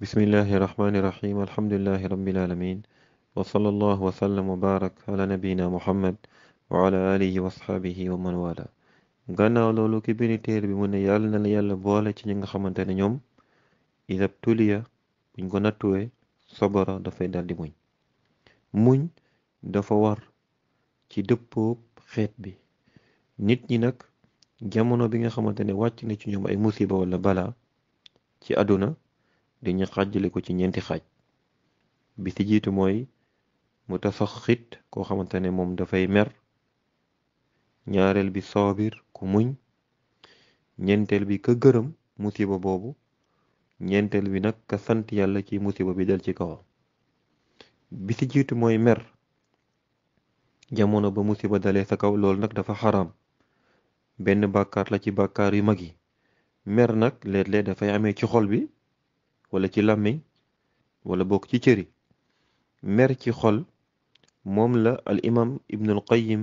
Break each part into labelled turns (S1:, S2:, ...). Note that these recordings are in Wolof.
S1: bismillahi rahmani rahim alhamdulillahi rabbil alamin wa sallallahu wa sallam wa barak nabiyina muhammad wa ala alihi wa asxaabihi wa man téer bi mu yàlla na yàlla boole ci ñi nga xamante ne ñoom idab tuliya buñ ko nattuwee sobora dafay daldi muñ muñ dafa war ci dëppoob xeet bi nit ñi nag jamono bi nga xamante ne wàcc na ci ñoom ay musiba wala bala ci àdduna di ñu xaajale ko ci ñeenti xaj bi ci jiitu mooy mu tafaxit koo xamante ne moom dafay mer ñaareel bi soobir ku muñ ñeenteel bi ka gërëm musiba boobu ñeenteel bi nag ka sant yàlla ci musiba bi dal ci kawam bi ci jiitu mooy mer jamono ba musiba dalee sa kaw lool nag dafa xaram benn bàkkaar la ci bàkkaar yu mag yi mer nag léeg dafay amee ci xol bi wala ci làmmiñ wala bokk ci cëri mer ci xol moom la al imam ibnul qayyim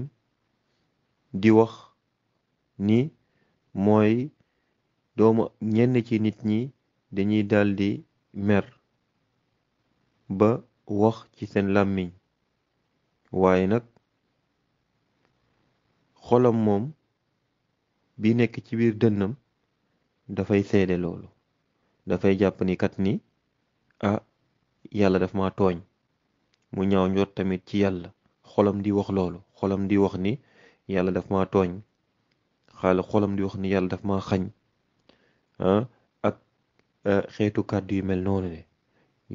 S1: di wax ni mooy doomu ñenn ci nit ñi dañuy daldi mer ba wax ci seen làmmiñ waaye nag xolam moom bi nekk ci biir dënnam dafay seede loolu dafay jàpp ni kat ni ah yàlla daf ma tooñ mu ñaaw njot tamit ci yàlla xolam di wax loolu xolam di wax ni yàlla daf ma tooñ xaala xolam di wax ni yàlla daf ma xañ ah, ak ah, xeetu kàddu yu mel noonu ne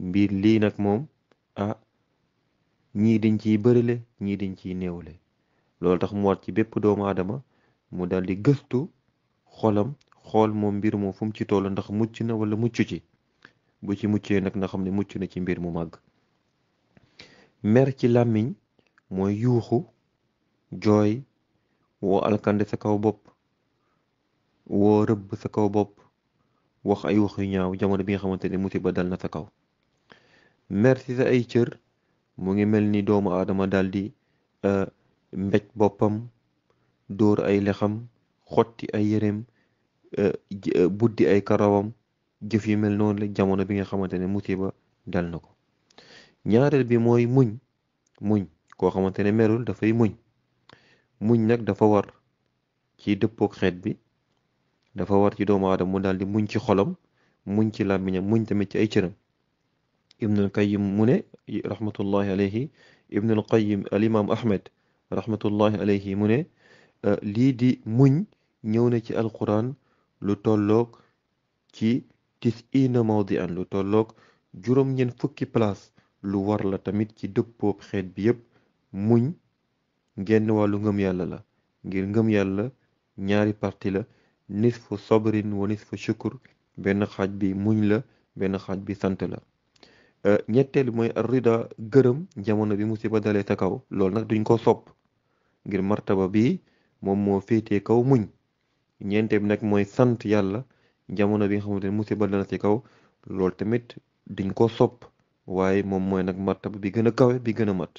S1: mbir lii nag moom ah ñii dañ ciy bërile ñii dañ ciy néewle loolu tax mu war ci bépp doomu adama mu dal di gëstu xolam xool moom mbir moom fu ci toll ndax mucc na wala mucc ci bu ci muccee nag na xam ne mucc na ci mbir mu màgg mer ci làmmiñ mooy yuuxu jooy woo alkande sa kaw bopp woo rëbb sa kaw bopp wax ay wax yu ñaaw jamono bi nga xamante ne musiba dal na sa kaw mer ci sa ay cër mu ngi mel ni doomu aadama daal di euh, mbéj boppam dóor ay lexam xotti ay yéreem Euh, euh, buddi ay karawam jëf yu mel noonu la jamono bi nga xamante ne musiba dal na ko ñaareel bi mooy muñ muñ koo xamante ne merul dafay muñ muñ nag dafa war ci dëppook xeet bi dafa war ci doomu aadama mu daal di muñ ci xolam muñ ci làmmiñam muñ tamit ci ay cëram ibnul qayyim mu ne rahmatullahi alayhi ibnul qayyim al imam ahmed rahmatullahi alayhi mu ne euh, lii di muñ ñëw na ci alquran lu tollook ci tis ina mawdi an lu tolloog juróom-ñeent fukki place lu war la tamit ci dëppoo xeet bi yépp muñ genn wàllu ngëm yàlla la ngir ngëm yàlla ñaari parti la nisfu sabrin wa fa shukur benn xaaj bi muñ la benn xaaj bi sant la ñetteel mooy arida gërëm jamono bi musiba dalee sa kaw loolu nag duñ ko sopp ngir martaba bi moom moo féetee kaw muñ ñeente bi nag mooy sant yàlla jamono bi nga xamante ne musiba dana ci kaw loolu tamit diñ ko sopp waaye moom mooy nag martaba bi gën a kawe bi gën a mat